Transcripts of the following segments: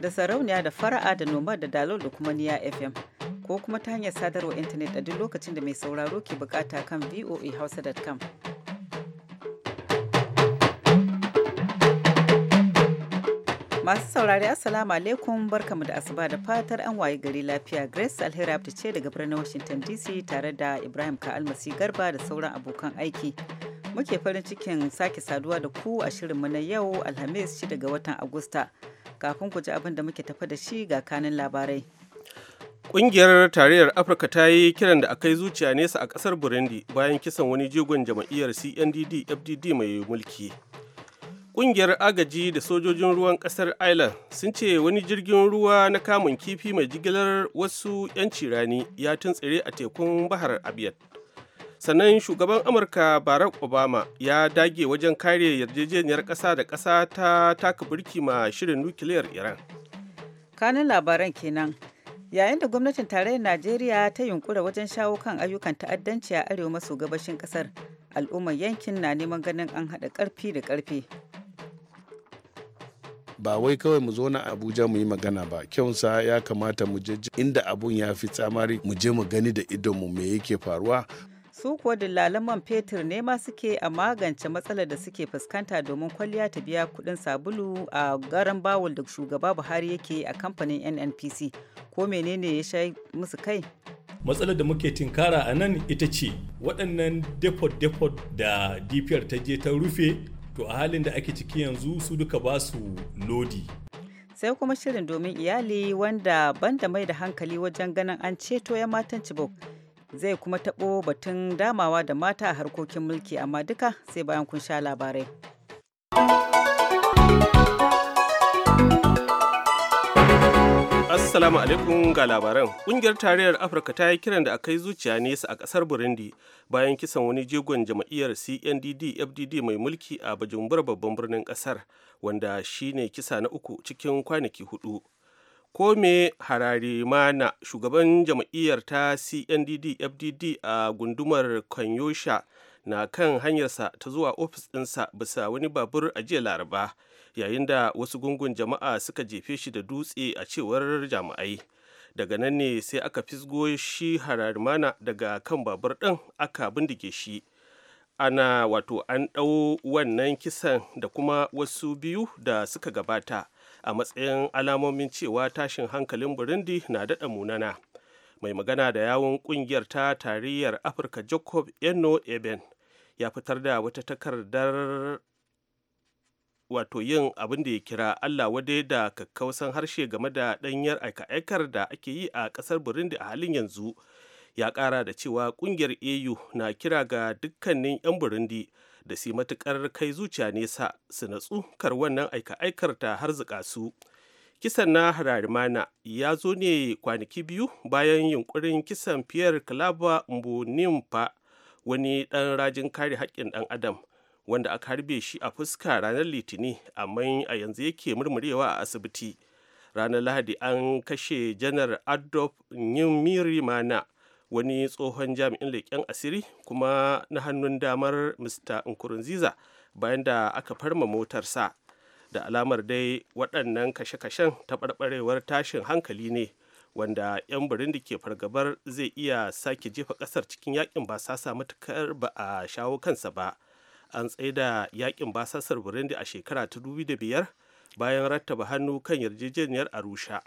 da sarauniya da fara'a da noma da dalol da kuma niya fm ko kuma ta hanyar sadarwa intanet a duk lokacin da mai sauraro ke bukata kan voahausa.com masu saurari assalamu alaikum barkamu da asuba da fatar an waye gari lafiya grace alheri ce daga birnin washington dc tare da ibrahim ka almasi garba da sauran abokan aiki muke farin cikin sake saduwa da ku a shirinmu na yau Alhamis shi daga watan Agusta. Kafin ku ji abin da muke tafa da shi ga kanin labarai. Ƙungiyar Tarayyar Afirka ta yi kiran da akai zuciya nesa a ƙasar Burundi bayan kisan wani jigon jama'iyyar CNDD-FDD mai mulki. Ƙungiyar agaji da sojojin ruwan ƙasar Ireland sun ce wani jirgin ruwa na kamun kifi mai jigilar wasu 'yanci rani ya tuntsire a tekun Bahar Abiyat sannan shugaban amurka barack obama ya dage wajen kare yarjejeniyar ƙasa da ƙasa ta taka birki ma shirin nukiliyar iran kanun labaran kenan yayin da gwamnatin tarayyar najeriya ta yunkura wajen shawo kan ayyukan ta'addanci a arewa maso gabashin kasar al'ummar yankin na neman ganin an haɗa ƙarfi da ƙarfe ba wai kawai mu zo na abuja mu yi magana ba kyaunsa ya kamata mu je inda abun ya fi tsamari mu je mu gani da idonmu me yake faruwa su kuwa dillalan man fetur ne ma suke a magance matsalar da suke fuskanta domin kwalliya ta biya kudin sabulu a garan bawul da shugaba buhari yake a kamfanin nnpc ko menene ya sha musu kai matsalar da muke tinkara a nan ita ce waɗannan depot-depot da dpr ta je ta rufe to a halin da ake ciki yanzu su duka ba su lodi sai kuma shirin domin iyali wanda banda mai da hankali wajen ganin an ceto ya matan cibok zai kuma taɓo batun damawa da mata a harkokin mulki amma duka sai bayan kun sha labarai. Assalamu alaikum ga labaran. Kungiyar tarayyar Afirka ta yi kiran da aka yi zuciya nesa a kasar Burundi bayan kisan wani jigon jam'iyyar CNDD FDD mai mulki a Bujumbura babban birnin kasar wanda shine kisa na uku cikin kwanaki hudu. kome harare mana shugaban jam'iyyar ta cndd fdd a gundumar kanyosha na kan hanyarsa ta zuwa ofis ɗinsa bisa wani babur a jiya laraba yayin da wasu gungun jama'a suka jefe shi da dutse a cewar jami'ai daga nan ne sai aka fisgo shi hararimana daga kan babur ɗin aka bindige shi ana wato an ɗau wannan kisan da kuma wasu biyu da suka gabata a matsayin alamomin cewa tashin hankalin burundi na daɗa munana mai magana da yawon ƙungiyar ta tarayyar afirka jacob eno eben ya fitar da wata takardar wato yin abin da ya kira allah wade da kakkausan harshe game da ɗanyar aika-aikar da ake yi a ƙasar burundi a halin yanzu ya ƙara da cewa ƙungiyar au na kira ga dukkanin 'yan burundi da su matukar kai zuciya nesa su natsu kar wannan aika-aikar ta harzika su kisan na hararimana ya zo ne kwanaki biyu bayan yunkurin kisan fiyar kalaba mbonimfa wani ɗan rajin kare haƙƙin ɗan adam wanda aka harbe shi a fuska ranar litini amma a yanzu yake murmurewa a asibiti ranar lahadi an kashe janar adolf nyimmiri mana wani tsohon jami'in leƙen asiri kuma na hannun damar mr nkurunziza bayan da aka farma motarsa da alamar dai waɗannan kashe-kashen taɓarɓarewar tashin hankali ne wanda 'yan burundi ke fargabar zai iya sake jefa ƙasar cikin yakin basasa matukar ba a shawo kansa ba an tsaida yakin basasar burundi a shekara ta biyar bayan rattaba hannu kan yarjejeniyar arusha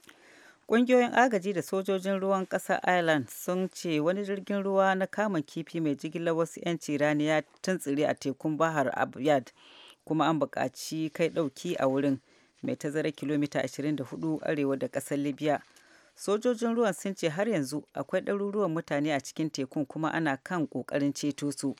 Ƙungiyoyin agaji da sojojin ruwan ƙasa Ireland sun ce wani jirgin ruwa na kamun kifi mai jigilar wasu 'yanci rani ya tuntsire a tekun Bahar Abyad kuma an buƙaci kai ɗauki a wurin mai tazara kilomita 24 arewa da ƙasar Libya. Sojojin ruwan sun ce har yanzu akwai ɗaruruwan mutane a cikin tekun kuma ana kan ƙoƙarin ceto su.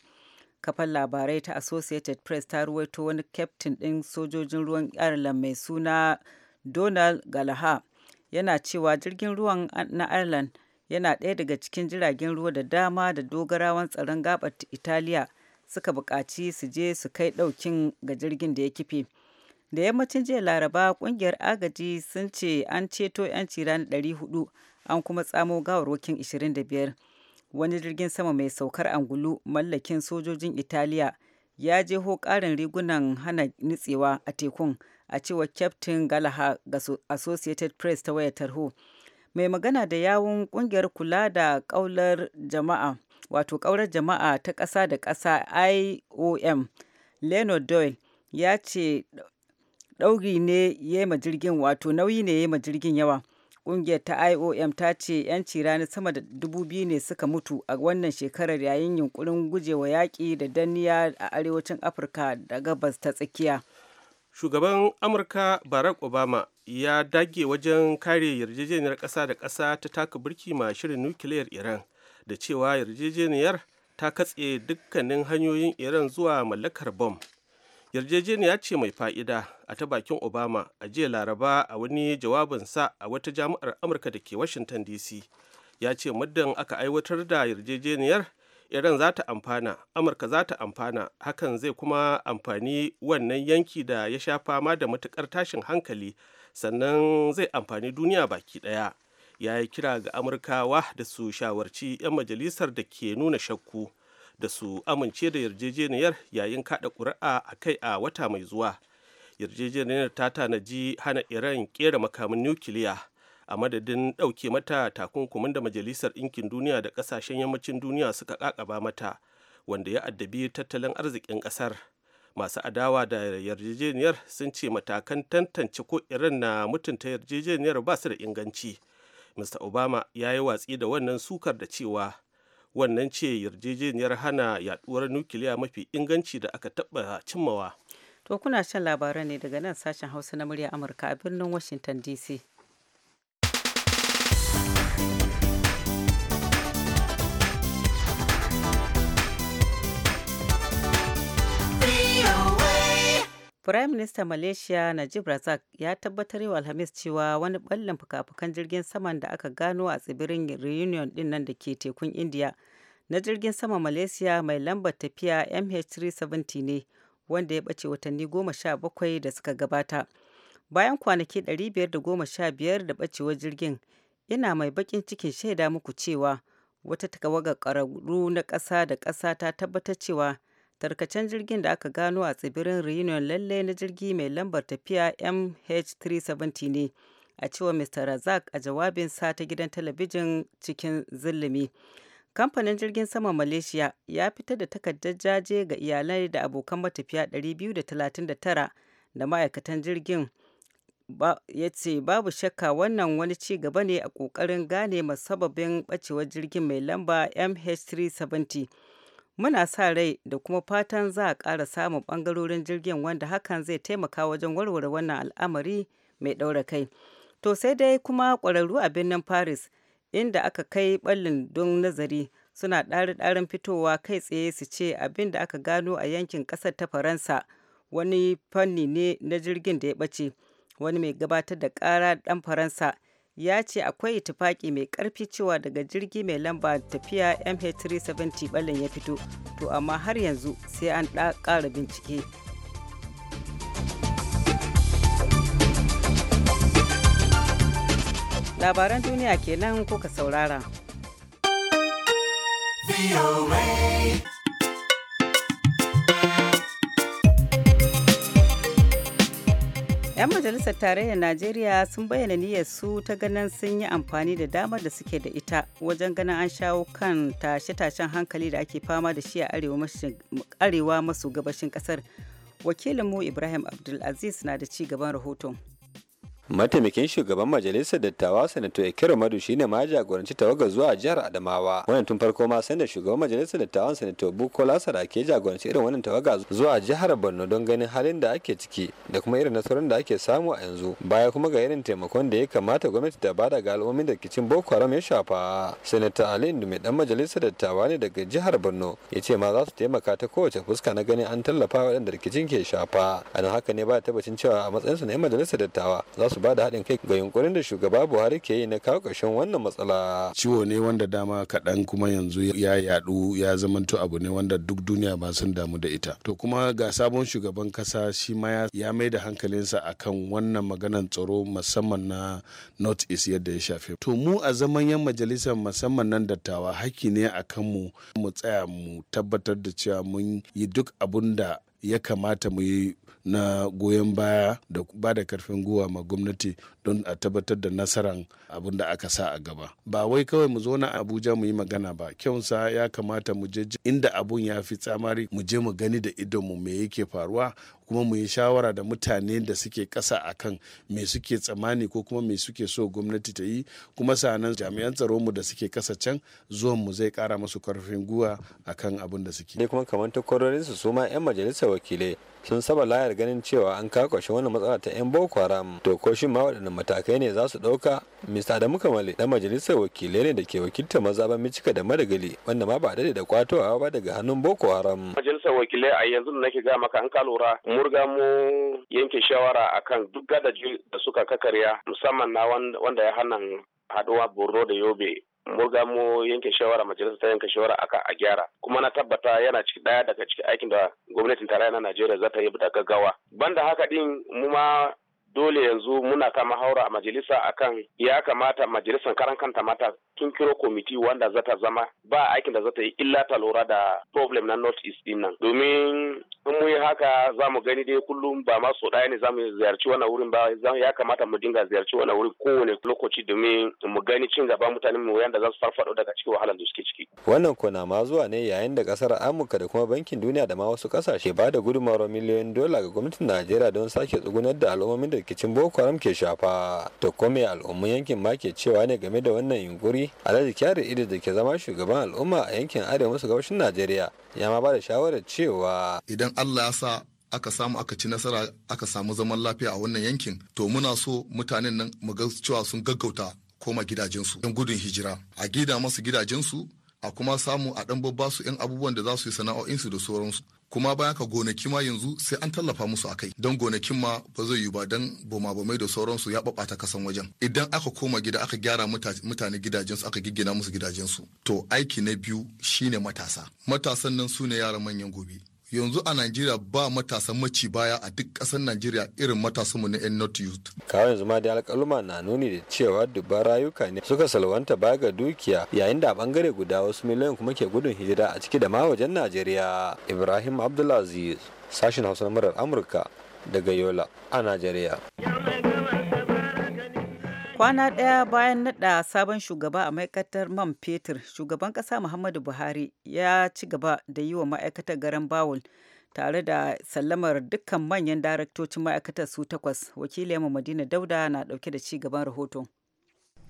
kafan labarai ta associated press ta ruwaito wani kyaftin ɗin sojojin ruwan ireland mai suna donald gallagher yana cewa jirgin ruwan na Ireland yana ɗaya daga cikin jiragen ruwa da dama da dogarawan tsaron gabar Italiya suka buƙaci su je su kai ɗaukin ga jirgin da ya kife. Da yammacin jiya Laraba ƙungiyar agaji sun ce an ceto 'yan ciran 400 an kuma tsamo gawarwakin 25. Wani jirgin sama mai saukar angulu mallakin sojojin Italiya ya jeho ƙarin rigunan hana nutsewa a tekun a cewa Captain galaha ga Associated Press ta waya tarho. Mai magana da yawun kungiyar kula da kaular jama'a, wato kaular jama'a ta kasa da kasa IOM, Leonard Doyle ya ce ɗauri ne ya ma jirgin wato nauyi ne ya ma jirgin yawa. Kungiyar ta IOM ta ce 'yanci rani sama da dubu biyu ne suka mutu a wannan shekarar yayin yunkurin gujewa yaƙi da danniya a arewacin Afirka da gabas ta tsakiya. shugaban amurka barack obama ya dage wajen kare yarjejeniyar ƙasa da ƙasa ta taka birki ma shirin nukiliyar iran da cewa yarjejeniyar ta katse dukkanin hanyoyin iran zuwa mallakar bom yarjejeniya ce mai fa'ida a ta bakin obama a jiya laraba a wani jawabinsa a wata jami'ar amurka da ke washington dc ya ce muddin aka aiwatar da yarjejeniyar iran za ta amfana amurka za ta amfana hakan zai kuma amfani wannan yanki da ya sha fama da matukar tashin hankali sannan zai amfani duniya baki daya ya yi kira ga amurkawa da su shawarci 'yan majalisar da ke nuna shakku da su amince da yarjejeniyar yayin kada ƙuri'a a kai a wata mai zuwa yarjejeniyar ta tanaji hana iran kera makamin nukiliya a madadin ɗauke mata takunkumin da majalisar ɗinkin duniya da ƙasashen yammacin duniya suka ƙaƙaba mata wanda ya addabi tattalin arzikin ƙasar masu adawa da yarjejeniyar sun ce matakan tantance ko irin na mutunta yarjejeniyar ba su da inganci mr obama ya yi watsi da wannan sukar da cewa wannan ce yarjejeniyar hana yaduwar nukiliya mafi inganci da aka taɓa cimmawa to kuna shan labaran ne daga nan sashen hausa na murya amurka a birnin washington dc Firayim Minista Malaysia Najib Razak ya tabbatar yau Alhamis cewa wani ballon fuka-fukan jirgin saman da aka gano a tsibirin Reunion din nan da ke tekun India na jirgin sama Malaysia mai lambar tafiya MH370 ne wanda ya bace watanni goma bakwai da suka gabata. Bayan kwanaki 515 da bacewar jirgin, yana mai bakin cikin shaida muku cewa wata ga ƙararru na ƙasa da ƙasa ta tabbatar cewa tarkacen jirgin da aka gano a tsibirin reunion lalle na jirgi mai lambar tafiya mh370 ne a cewa mr razak a jawabinsa ta gidan talabijin cikin zulumi kamfanin jirgin sama malaysia ya fitar da takardar jaje ga iyalai da abokan matafiya 239 da ma'aikatan jirgin ya ce babu shakka wannan wani ci gaba ne a ƙoƙarin gane masababin ɓacewar jirgin mai lamba MH370. Muna sa rai da kuma fatan za a ƙara samun ɓangarorin jirgin wanda hakan zai taimaka wajen warware wannan al'amari mai ɗaura kai. To sai dai kuma ƙwararru a birnin Paris inda aka kai ɓallin don nazari suna ɗari-ɗarin fitowa kai tsaye su ce abin da aka gano a yankin ƙasar ta Faransa wani fanni ne na jirgin da ya ɓace. wani mai gabatar da ƙara ɗan faransa ya ce akwai itifaki mai ƙarfi cewa daga jirgi mai lamba tafiya mh370 ballin ya fito to amma har yanzu sai an ƙara bincike labaran duniya kenan kuka saurara. 'Yan majalisar tarayyar Najeriya sun bayyana niyyar su ta ganin sun yi amfani da damar da suke da ita wajen ganin an shawo kan tashe-tashen hankali da ake fama da shi a arewa maso gabashin kasar. Wakilinmu Ibrahim Abdulaziz na da ci gaban rahoton. mataimakin shugaban majalisar dattawa sanato ekiro madu shine ma jagoranci tawaga zuwa jihar adamawa wannan tun farko ma sanda shugaban majalisar dattawan sanato bukola ke jagoranci irin wannan tawaga zuwa jihar borno don ganin halin da ake ciki da kuma irin nasarorin da ake samu a yanzu baya kuma ga irin taimakon da ya kamata gwamnati ta bada ga al'ummin da kicin boko haram ya shafa sanata ali mai dan majalisar dattawa ne daga jihar borno ya ce ma za su taimaka ta kowace fuska na ganin an tallafa waɗanda rikicin ke shafa a haka ne ba tabbacin cewa a matsayinsu na 'yan majalisar dattawa za su su ba da haɗin kai ga yunkurin da shugaba buhari ke yi na kawo ƙarshen wannan matsala ciwo ne wanda dama kaɗan kuma yanzu ya yaɗu ya zamanto abu ne wanda duk duniya ba sun damu da ita to kuma ga sabon shugaban kasa shi ma ya mai da hankalinsa akan wannan maganan tsaro musamman na north east yadda ya shafe to mu a zaman yan majalisar musamman nan dattawa haƙƙi ne akan mu mu tsaya mu tabbatar da cewa mun yi duk abun da ya kamata mu yi na goyon baya da ba da karfin guwa ma gwamnati don a tabbatar da nasaran abin da aka sa a gaba ba wai kawai mu zo na abuja mu yi magana ba kyaunsa ya kamata mu je inda abun ya fi tsamari mu je mu gani da idonmu me yake faruwa kuma mu yi shawara da mutane da suke kasa akan kan me suke tsammani ko kuma me suke so gwamnati ta yi kuma sanan jami'an tsaro mu da suke kasa can zuwan mu zai kara masu ƙarfin guwa akan abin da suke ne kuma kamar takwarorin su su ma 'yan majalisar wakilai sun saba layar ganin cewa an kakwashe wani matsala ta 'yan boko haram to ko shi ma waɗannan matakai ne za su ɗauka mr adamu kamale ɗan majalisar wakilai ne da ke Wakilta Maza, mazaban micika da madagali wanda ma ba daɗe da kwatowa ba daga hannun boko haram majalisar wakilai a yanzu da nake ga maka an ka lura murga riga mu yanke shawara akan duk gadaji da suka kakarya musamman na wanda ya hana haɗuwa borno da yobe murga mu yanke shawara majalisa ta yanke shawara aka a gyara kuma na tabbata yana ciki daya daga cikin aikin da gwamnatin tarayya na Najeriya za ta yi da gaggawa banda haka din mu ma dole yanzu muna ta mahaura a majalisa akan ya kamata majalisar karan kanta mata sun kiro komiti wanda ta zama ba aikin da za ta yi illa ta lura da problem na north east din nan domin in mu yi haka za mu gani dai kullum ba ma so ɗaya ne za mu ziyarci wannan wurin ba ya kamata mu dinga ziyarci wannan wurin kowane lokaci domin mu gani cin gaba mutanen mu yanda za su farfado daga cikin wahalar da suke ciki wannan kona ma zuwa ne yayin da kasar amurka da kuma bankin duniya da ma wasu kasashe ba da gudunmawar miliyoyin dola ga gwamnatin najeriya don sake tsugunar da al'ummomin da rikicin boko haram ke shafa to kome al'ummun yankin ma ke cewa ne game da wannan yunkuri alhaji kyari idi da ke zama shugaban al'umma a yankin arewa maso gabashin najeriya ya ma ba da shawarar cewa idan allah ya sa aka samu aka ci nasara aka samu zaman lafiya a wannan yankin to muna so mutanen nan mu ga cewa sun gaggauta koma gidajensu don gudun hijira a gida masu gidajensu a kuma samu a ɗan babba su 'yan abubuwan da za su yi sana'o'insu da sauransu kuma bayan ka gonaki ma yanzu sai an tallafa musu a kai don gonakin ma ba zai yi ba don boma bomai da sauransu ya ɓaɓata kasan wajen idan aka koma gida aka gyara mutane gidajensu aka giggina musu gidajensu to aiki na biyu shine matasa matasan nan su ne yaran manyan gobe yanzu a Najeriya ba matasan maci baya a duk ƙasar Najeriya irin matasanmu na 'yan North Youth. Kawai yanzu ma da alƙaluma na nuni da cewa dubban rayuka ne suka salwanta baya ga dukiya yayin da a ɓangare guda wasu miliyan kuma ke gudun hijira a ciki da ma wajen Najeriya. Ibrahim Abdulaziz, sashen Hausa na murar Amurka daga Yola a Najeriya. Kwana ɗaya bayan nada sabon shugaba a ma'aikatar man fetur, shugaban ƙasa Muhammadu Buhari ya ci gaba da yi wa ma'aikatar garan bawul tare da sallamar dukkan manyan daraktocin ma'aikatar su takwas. Wakiliyar Madina Dauda na ɗauke da ci gaban rahoton.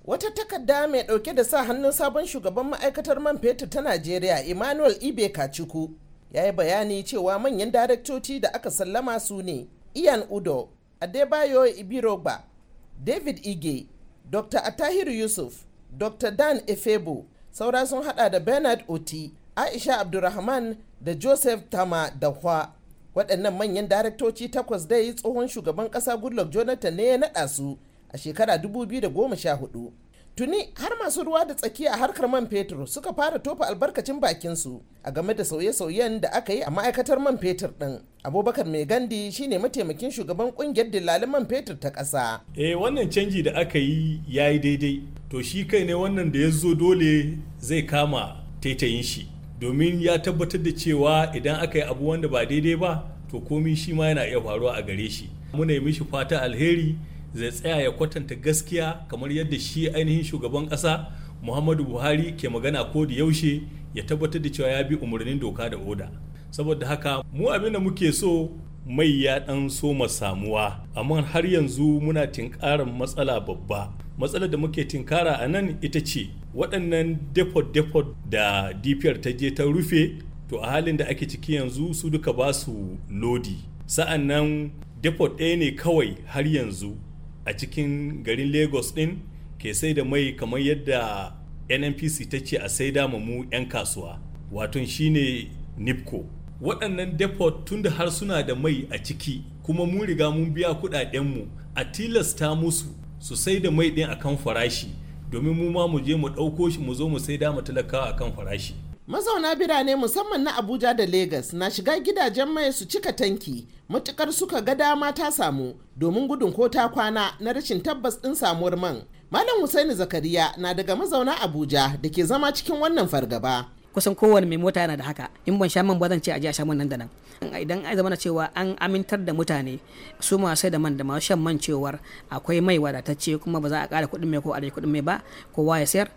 wata takarda mai dauke da sa hannun sabon shugaban ma'aikatar man fetur ta najeriya emmanuel ibe kaciku ya yi bayani cewa manyan daraktoci da aka sallama su ne ian udo adebayo ibiroba david ige dr atahiru yusuf dr dan efebo saura sun hada da bernard oti aisha abdulrahman da joseph tama dahwa waɗannan manyan daraktoci takwas dai tsohon shugaban ƙasa goodluck jonathan ne ya naɗa su a shekara 2014 Tuni har masu ruwa da tsakiya a harkar man fetur suka fara tofa albarkacin bakinsu a game da sauye-sauyen da aka yi a ma'aikatar man fetur din Abubakar Mai Gandi shine mataimakin shugaban kungiyar dillalin man fetur ta ƙasa. Eh wannan canji da aka yi ya yi daidai. To shi kai ne wannan da ya zo dole zai kama taitayin shi. Domin ya tabbatar da cewa idan aka yi abu wanda ba daidai ba to komi shi ma yana iya faruwa a gare shi. Muna yi mishi fata alheri zai tsaya ya kwatanta gaskiya kamar yadda shi ainihin shugaban ƙasa muhammadu buhari ke magana ko da yaushe ya tabbatar da cewa ya bi umarnin doka da oda saboda haka mu abin da muke so mai ya ɗan soma samuwa amma har yanzu muna tinkarar matsala babba matsalar da muke tinkara a nan ita ce waɗannan depot depot da dpr ta je ta rufe to a halin da ake ciki yanzu su duka ba su lodi sa'an nan depot ɗaya ne kawai har yanzu a cikin garin lagos din ke sai da mai kamar yadda nnpc ta ce a sai da mu 'yan kasuwa waton shine nipco waɗannan depot tun da har suna da mai a ciki kuma mu riga mun biya mu a tilasta musu su sai da mai ɗin akan farashi domin mu ma mu je mu ɗauko shi mu zo mu sai da mu talakawa akan farashi mazauna birane musamman na abuja da lagos na shiga gidajen mai su cika tanki matukar suka ga dama ta samu domin gudun ko ta kwana na rashin tabbas din samuwar man malam husaini zakariya na daga mazauna abuja da ke zama cikin wannan fargaba kusan kowane mai mota yana da haka in ban sha man ba zan ce a je a sha man nan da nan idan ai zamana cewa an amintar da mutane su ma sai da man da masu shan man cewar akwai mai wadatacce kuma ba za a kara kuɗin mai ko a rage kuɗin mai ba kowa ya sayar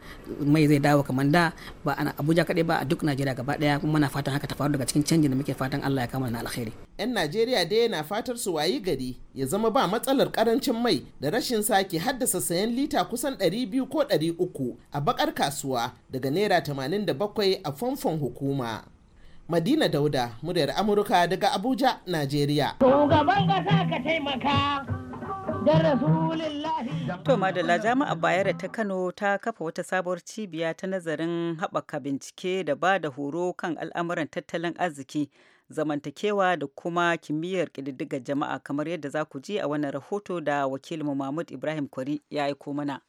mai zai dawo kamar da ba ana Abuja kaɗai ba a duk Najeriya gaba ɗaya kuma muna fatan haka ta faru daga cikin canjin da muke fatan Allah ya kama na alkhairi 'yan najeriya dai yana fatar su wayi gari ya zama ba matsalar karancin mai da rashin sake haddasa sayan lita kusan 200 ko 300 a bakar kasuwa daga naira 87 a famfon hukuma madina dauda muryar amurka daga abuja najeriya shugaban kasa ka To Madalla Jami'a Bayero ta Kano ta kafa wata sabuwar cibiya ta nazarin haɓaka bincike da ba da horo kan al'amuran tattalin arziki zamantakewa da kuma kimiyyar ƙididdigar jama'a kamar yadda za ku ji a wannan rahoto da Wakilin Mahmud Ibrahim Kwari ya aiko mana.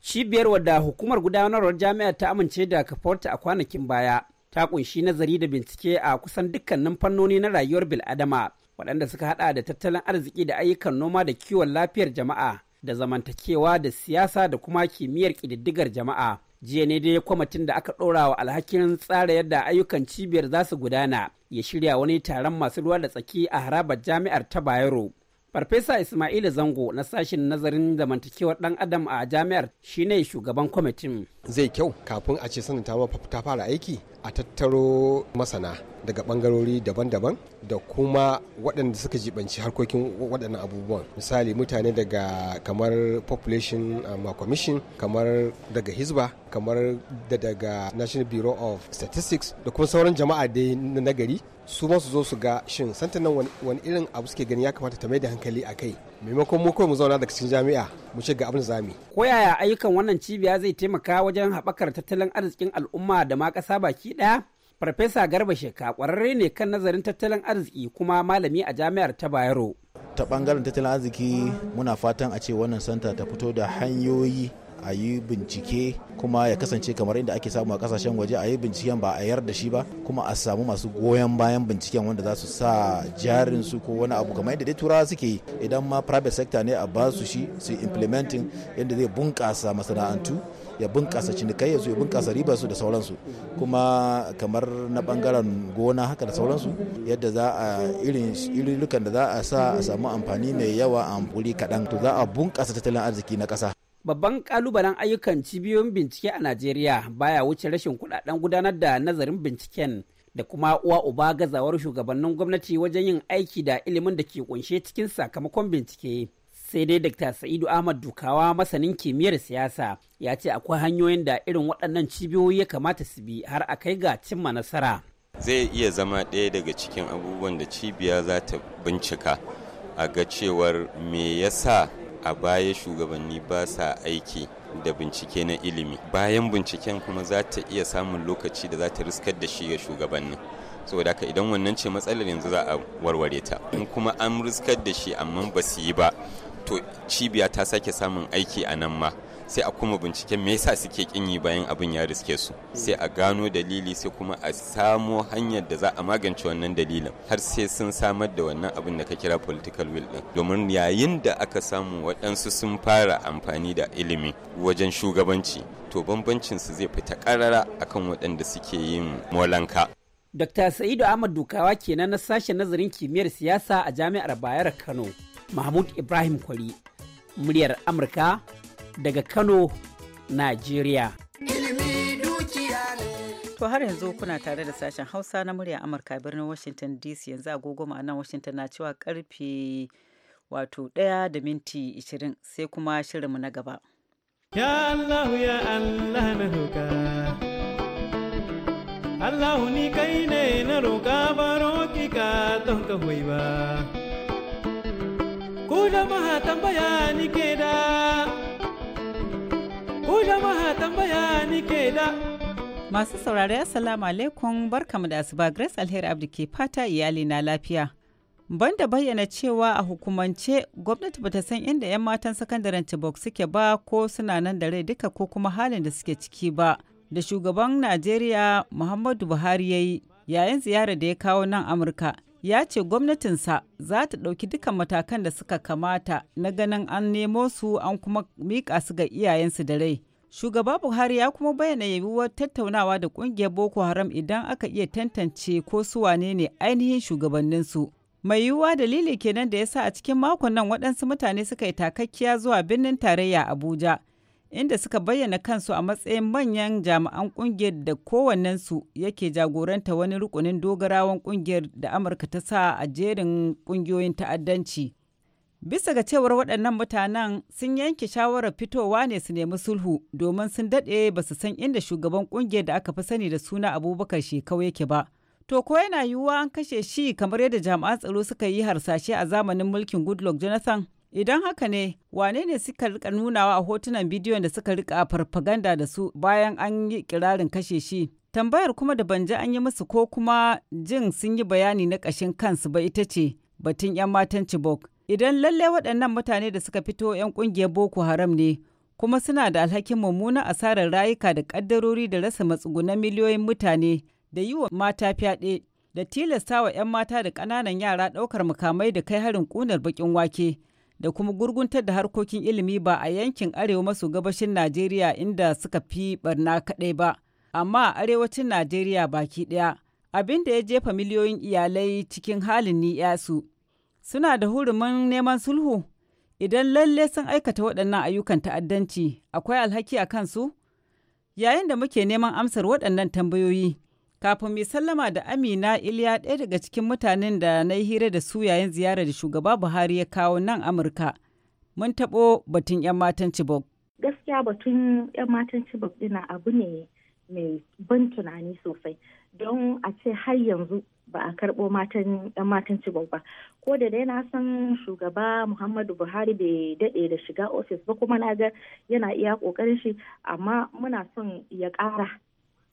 Cibiyar wadda hukumar gudanarwar jami'a ta amince da kafarta a kwanakin baya ta kunshi nazari da bincike a kusan dukkanin fannoni na rayuwar bil'adama waɗanda suka haɗa da tattalin arziki da ayyukan noma da kiwon lafiyar jama'a da zamantakewa da siyasa da kuma kimiyyar ƙididdigar jama'a. jiya ne dai kwamitin da aka ɗora wa alhakin tsara yadda ayyukan cibiyar za su gudana ya shirya wani taron masu ruwa da tsaki a harabar jami'ar ta bayero farfesa ismaila zango na sashen nazarin zamantakewar dan adam a jami'ar shine shugaban kwamitin zai kyau kafin a ce sanin ta fara aiki a tattaro masana daga bangarori daban-daban da kuma waɗanda suka jibanci harkokin waɗannan abubuwan misali mutane daga kamar population ah, commission kamar daga hisba kamar da daga national bureau of statistics da kuma sauran jama'a dai na gari su ma su zo su ga shin santanan wani irin abu suke gani ya kamata ta mai da hankali a kai maimakon mu kawai mu zauna daga cikin jami'a mu ce ga abin zami. ko yaya ayyukan wannan cibiya zai taimaka wajen haɓakar tattalin arzikin al'umma da ma ƙasa baki ɗaya Farfesa Garba Sheka kwararre ne kan nazarin tattalin arziki kuma malami a jami'ar ta Bayero. Ta bangaren tattalin arziki muna fatan a ce wannan santa ta fito da hanyoyi a yi bincike kuma ya kasance kamar inda ake samu a kasashen waje a yi binciken ba a yarda shi ba kuma a samu masu goyon bayan binciken wanda za su sa jarin su ko wani abu kamar yadda dai turawa suke yi idan ma private sector ne a basu shi su implementing yadda zai bunƙasa masana'antu ya bunƙasa cinikayya ya bunƙasa riba da sauransu kuma kamar na bangaren gona haka da sauransu yadda za a irin irin da za a sa a samu amfani mai yawa a amfuri kaɗan to za a bunƙasa tattalin arziki na ƙasa Babban kalubalen ayyukan cibiyoyin bincike a Najeriya baya wuce rashin kuɗaɗen gudanar da nazarin binciken da kuma uwa uba gazawar shugabannin gwamnati wajen yin aiki da ilimin da ke kunshe cikin sakamakon bincike. sai dai dr sa'idu ahmad dukawa masanin kimiyyar siyasa ya ce akwai hanyoyin da irin waɗannan cibiyoyi ya kamata su bi har a kai ga cimma nasara zai iya zama ɗaya daga cikin abubuwan da cibiya za ta bincika a ga cewar me yasa a baya shugabanni ba sa aiki da bincike na ilimi bayan binciken kuma za ta iya samun lokaci da za ta riskar da shi ga shugabanni saboda haka idan wannan ce matsalar yanzu za a warware ta in kuma an riskar da shi amma ba su yi ba to cibiya ta sake samun aiki a nan ma sai a kuma binciken me yasa suke kin yi bayan abin ya riske su sai a gano dalili sai kuma a samo hanyar da za a magance wannan dalilin har sai sun samar da wannan abin da ka kira political will din domin yayin da aka samu waɗansu sun fara amfani da ilimi wajen shugabanci to bambancin su zai fita karara akan waɗanda suke yin molanka Dr. Sa'idu Ahmad Dukawa kenan na sashen nazarin kimiyyar siyasa a Jami'ar Bayar Kano. mahmud ibrahim kwari muryar amurka daga kano najeriya To har yanzu kuna tare da sashen Hausa na muryar Amurka birnin Washington DC yanzu agogo ma'anan Washington na cewa karfe wato ɗaya da minti 20 sai kuma shirinmu na gaba. Ya Allah ya Allah na roƙa. Allah ni kai ne na roƙa ba roƙi ka don ka ba. ku jama'a tambaya ni ke da ku jama'a tambaya ni ke da masu saurari assalamu alaikum barkamu da asuba grace alheri abdi ke fata iyali na lafiya banda bayyana cewa a hukumance gwamnati bata san inda 'yan matan sakandaren chibok suke ba ko suna nan da rai duka ko kuma halin da suke ciki ba da shugaban najeriya muhammadu buhari ya yi yayin ziyarar da ya kawo nan amurka ya ce gwamnatinsa za ta ɗauki dukkan matakan da suka kamata na ganin an nemo su an kuma miƙa su ga iyayensu da rai. Shugaba Buhari ya kuma bayyana yiwuwar tattaunawa da ƙungiyar Boko Haram idan aka iya tantance ko su wane ne ainihin shugabanninsu. Mai yiwuwa dalili kenan da ya sa a cikin makon nan waɗansu mutane suka yi takakkiya zuwa birnin tarayya Abuja. inda suka bayyana kansu a matsayin manyan jami'an kungiyar da kowannensu yake jagoranta wani rukunin dogarawan kungiyar da amurka ta sa a jerin kungiyoyin ta'addanci bisa ga cewar waɗannan mutanen sun yanke shawarar fitowa ne su nemi sulhu domin sun daɗe ba su san inda shugaban kungiyar da aka fi sani da suna abubakar shekau yake ba to ko yana yiwuwa an kashe shi kamar yadda jami'an tsaro suka yi harsashe a zamanin mulkin goodluck jonathan Idan haka ne, wane ne suka rika nunawa a hotunan bidiyon da suka rika farfaganda da su bayan an yi kirarin kashe shi? Tambayar kuma da ban ji an yi musu ko kuma jin sun yi bayani na kashin kansu ba ita ce batun 'yan matan Chibok. Idan lalle waɗannan mutane da suka fito 'yan ƙungiyar Boko Haram ne, kuma suna da alhakin mummunan asarar rayuka da ƙaddarori da rasa matsugunan miliyoyin mutane da yi wa mata fyaɗe da tilasta wa 'yan mata da ƙananan yara ɗaukar mukamai da kai harin ƙunar baƙin wake. da kuma gurguntar da harkokin ilimi ba a yankin arewa maso gabashin Najeriya inda suka fi barna kaɗai ba, amma a arewacin Najeriya baki ɗaya. Abin da ya jefa miliyoyin iyalai cikin halin yasu Suna da hurumin neman sulhu? Idan lalle sun aikata waɗannan ayyukan ta'addanci, akwai alhaki a kansu? Yayin da muke neman amsar waɗannan tambayoyi, Kafin mai sallama da Amina Iliya ɗaya daga cikin mutanen da na yi hira da su yayin ziyarar da shugaba Buhari ya kawo nan Amurka. Mun taɓo batun 'yan matan Chibok. Gaskiya batun 'yan matan Chibok dina abu ne mai ban tunani sosai. Don a ce har yanzu ba a karɓo matan 'yan matan Chibok ba. Ko da dai na san shugaba Muhammadu Buhari bai daɗe da shiga ofis ba kuma na ga yana iya ƙoƙarin shi amma muna son ya ƙara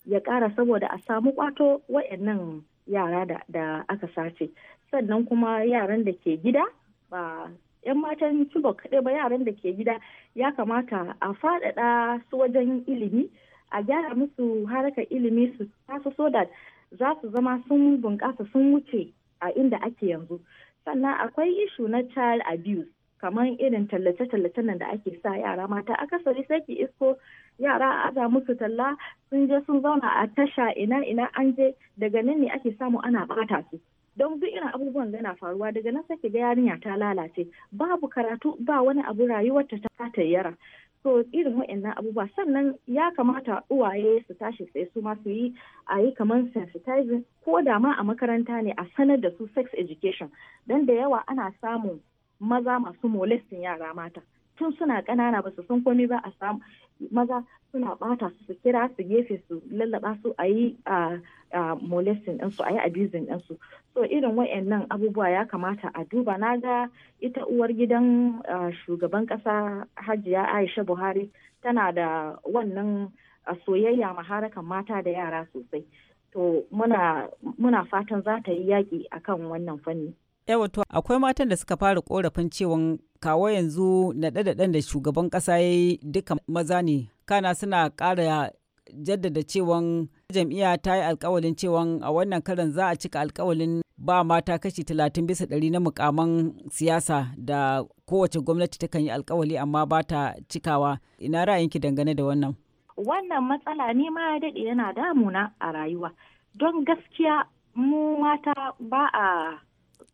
ya ƙara saboda a samu kwato waɗannan yara da aka sace sannan kuma yaran da ke gida ba 'yan matan cuba kaɗai ba yaran da ke gida ya kamata a faɗaɗa su wajen ilimi a gyara musu harkar ilimi su tasu so da za su zama sun bunƙasa sun wuce a inda ake yanzu sannan akwai ishu na child abuse kamar irin tallace tallace nan da ake sa yara mata a kasari sai ki isko yara a aza musu talla sun je sun zauna a tasha ina ina an je daga nan ne ake samu ana bata su don duk irin abubuwan da na faruwa daga nan sai ga yarinya ta lalace babu karatu ba wani abu rayuwarta ta tayyara so irin wa'annan abubuwa sannan ya kamata uwaye su tashi sai su ma su yi a yi kamar sensitizing ko da ma a makaranta ne a sanar da su sex education don da yawa ana samun maza masu molestin yara mata tun suna ƙanana ba su san komai ba a samu maza suna bata su su kira su gefe su lallaba su a yi molesting ɗinsu a yi abusing ɗinsu so irin wayannan abubuwa ya kamata a duba na ga ita uwar gidan shugaban ƙasa hajiya aisha buhari tana da wannan soyayya maharakan mata da yara sosai to muna fatan za ta yi yaƙi akan wannan fanni. yawato akwai matan da suka fara korafin cewa kawo yanzu naɗe-naɗen da shugaban ƙasa ya yi duka maza ne kana suna ƙara jaddada cewa jam'iyya ta yi alkawalin cewa a wannan karan za a cika alkawalin ba mata kashi talatin bisa ɗari na mukaman siyasa da kowace gwamnati takan yi alkawali amma ba ta cikawa ina ra'ayinki dangane da wannan wannan matsala ne ma ya daɗe yana damuna a rayuwa don gaskiya mu mata ba a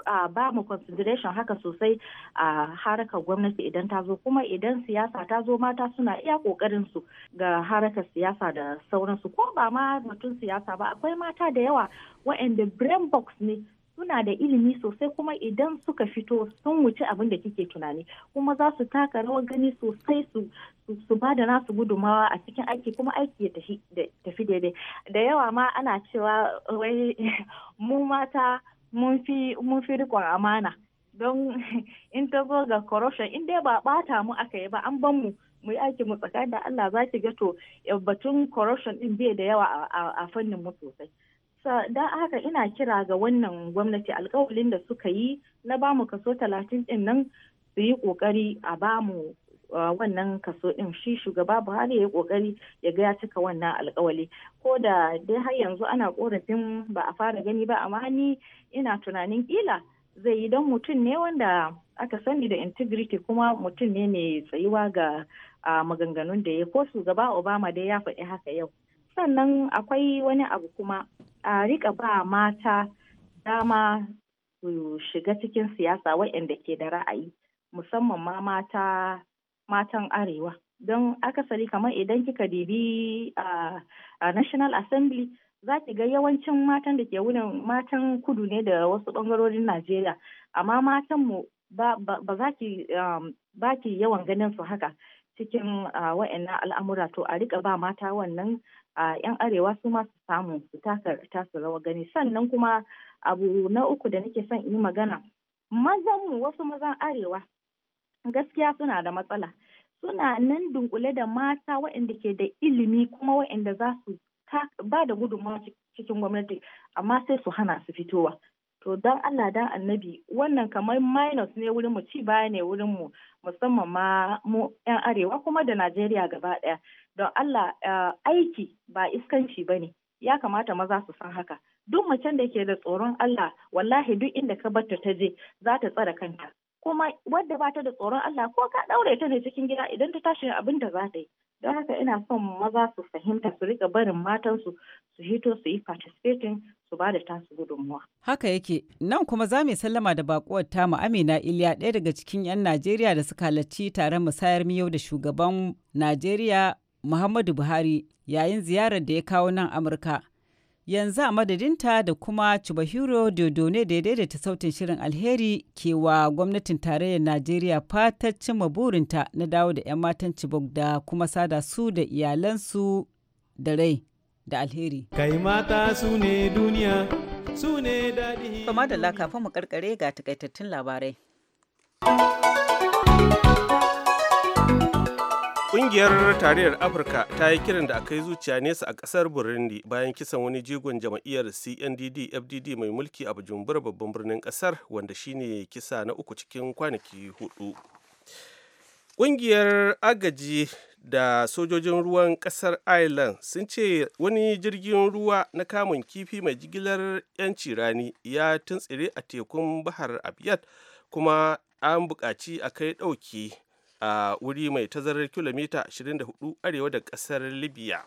ba mu consideration haka sosai a harakar gwamnati idan ta zo kuma idan siyasa ta zo mata suna iya kokarin su ga harakar siyasa da sauransu ko ba ma mutum siyasa ba akwai mata da yawa waɗanda brain box ne suna da ilimi sosai kuma idan suka fito sun wuce abin da kike tunani kuma za su taka rawar gani sosai su su ba da nasu gudumawa a cikin aiki kuma aiki ya tafi daidai da yawa ma ana cewa wai mu mata mun fi rikon amana don in ta zo ga corruption in dai ba bata mu aka yi ba an ban mu mu yi aiki mu tsakanin da Allah za ki ga to eh, batun corruption din bai da yawa a fannin mu sosai don haka ina kira ga wannan gwamnati alkawalin da suka yi na bamu kaso talatin din nan su yi kokari a bamu wannan kaso din shi shugaba buhari ya yi kokari ya gaya cika wannan alkawali ko da dai har yanzu ana korafin ba a fara gani ba amma ni ina tunanin kila zai yi don mutum ne wanda aka sani da integrity kuma mutum ne mai tsayuwa ga maganganun da ya ko shugaba obama dai ya faɗi haka yau sannan akwai wani abu kuma a rika ba mata dama su shiga cikin siyasa waɗanda ke da ra'ayi musamman ma mata matan arewa don akasari kamar idan kika dibi a national assembly za ki ga yawancin matan da ke wurin matan kudu ne da wasu bangarorin najeriya amma matan mu ba za ki um, ba ki yawan ganin su haka cikin wa'annan al'amura to a rika ba mata wannan yan arewa su ma su samu su taka su rawa gani sannan kuma abu na uku da nake son yi magana mazan mu wasu mazan arewa gaskiya suna da matsala suna nan dunkule da mata waɗanda ke da ilimi kuma waɗanda za su ba da gudunmawa cikin gwamnati amma sai su hana su fitowa to don Allah dan annabi wannan kamar minus ne wurin mu ci baya ne wurin mu musamman ma mu yan arewa kuma da Najeriya gaba ɗaya don Allah eh, aiki ba iskanci ba ne ya kamata maza su san haka duk macen da ke da tsoron Allah wallahi duk inda ka barta ta je za ta tsare kanta kuma wadda ba ta da tsoron Allah ko ka ɗaure ta ne cikin gida idan ta tashi abin da za ta yi don haka ina son maza su fahimta su rika barin matansu su hito su yi participating su ba da tasu gudunmuwa. Haka yake nan kuma za mu sallama da bakuwar tamu Amina Iliya ɗaya daga cikin 'yan Najeriya da suka halarci taron musayar miyau da shugaban Najeriya Muhammadu Buhari yayin ziyarar da ya kawo nan Amurka. yanzu a madadinta da kuma Chubahiro Dodone da ya daidaita sautin shirin alheri ke wa gwamnatin tarayyar Najeriya fatar cimma burinta na dawo da 'yan matan Chibok da kuma sada su da iyalansu da rai da alheri. Kai mata su ne duniya su ne daɗi. Kama da lakafin mu karkare ga takaitattun labarai. Ƙungiyar Tarayyar Afirka ta yi kiran da aka yi zuciya nesa a ƙasar Burundi bayan kisan wani jigon jam'iyyar CNDD-FDD mai mulki a Bujumbura babban birnin ƙasar wanda shine kisa na uku cikin kwanaki hudu. Ƙungiyar agaji da sojojin ruwan ƙasar Ireland sun ce wani jirgin ruwa na kamun kifi mai jigilar 'yanci rani ya tuntsire a tekun Bahar Abiyat kuma an buƙaci a kai ɗauki. a wuri mai tazarar kilomita 24 arewa da ƙasar libya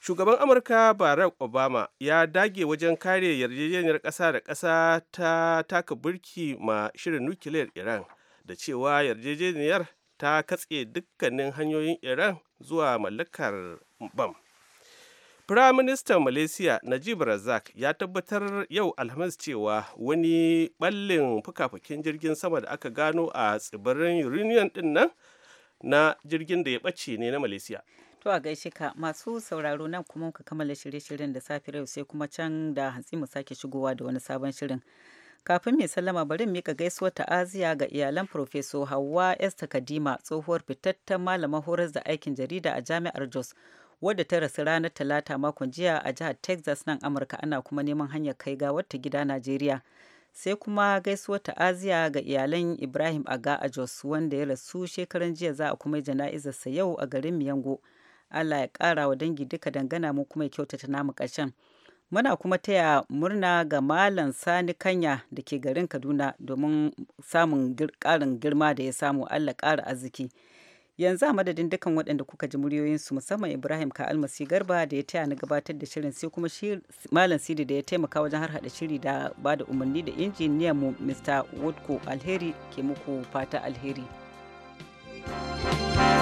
shugaban amurka barack obama ya dage wajen kare yarjejeniyar ƙasa da ƙasa ta taka burki ma shirin nukiliyar iran da cewa yarjejeniyar ta katse dukkanin hanyoyin iran zuwa mallakar bam Firaministan Malaysia Najib Razak ya tabbatar yau Alhamis cewa wani ballin fuka-fukin jirgin sama da aka gano a tsibirin Union din nan na jirgin da ya ɓace ne na Malaysia. To a gaishe ka masu sauraro nan kuma ka kammala shirye-shiryen da safe yau sai kuma can da hantsi mu sake shigowa da wani sabon shirin. Kafin mai sallama bari mika gaisuwar ta'aziya ga iyalan Profeso Hauwa Esther Kadima tsohuwar fitattun malamar horas da aikin jarida a Jami'ar Jos wadda ta rasu ranar talata makon jiya a jihar texas nan amurka ana kuma neman hanyar kai gawarta gida najeriya sai kuma gaisuwar ta'aziya ga iyalan ibrahim aga a jos wanda ya rasu shekaran jiya za a kuma jana'izarsa yau a garin miyango allah ya kara wa dangi duka dangana mu kuma kyautata namu ƙarshen muna kuma taya murna ga malam sani kanya da ke garin kaduna domin samun karin girma da ya samu allah ƙara arziki yanzu a madadin dukkan waɗanda kuka ji muryoyinsu musamman ibrahim ka almasi garba da ya taya na gabatar da shirin sai kuma malam sidi da ya taimaka wajen har hada shiri da bada umarni da injiniyan mu mr woodco alheri ke muku fata alheri thank you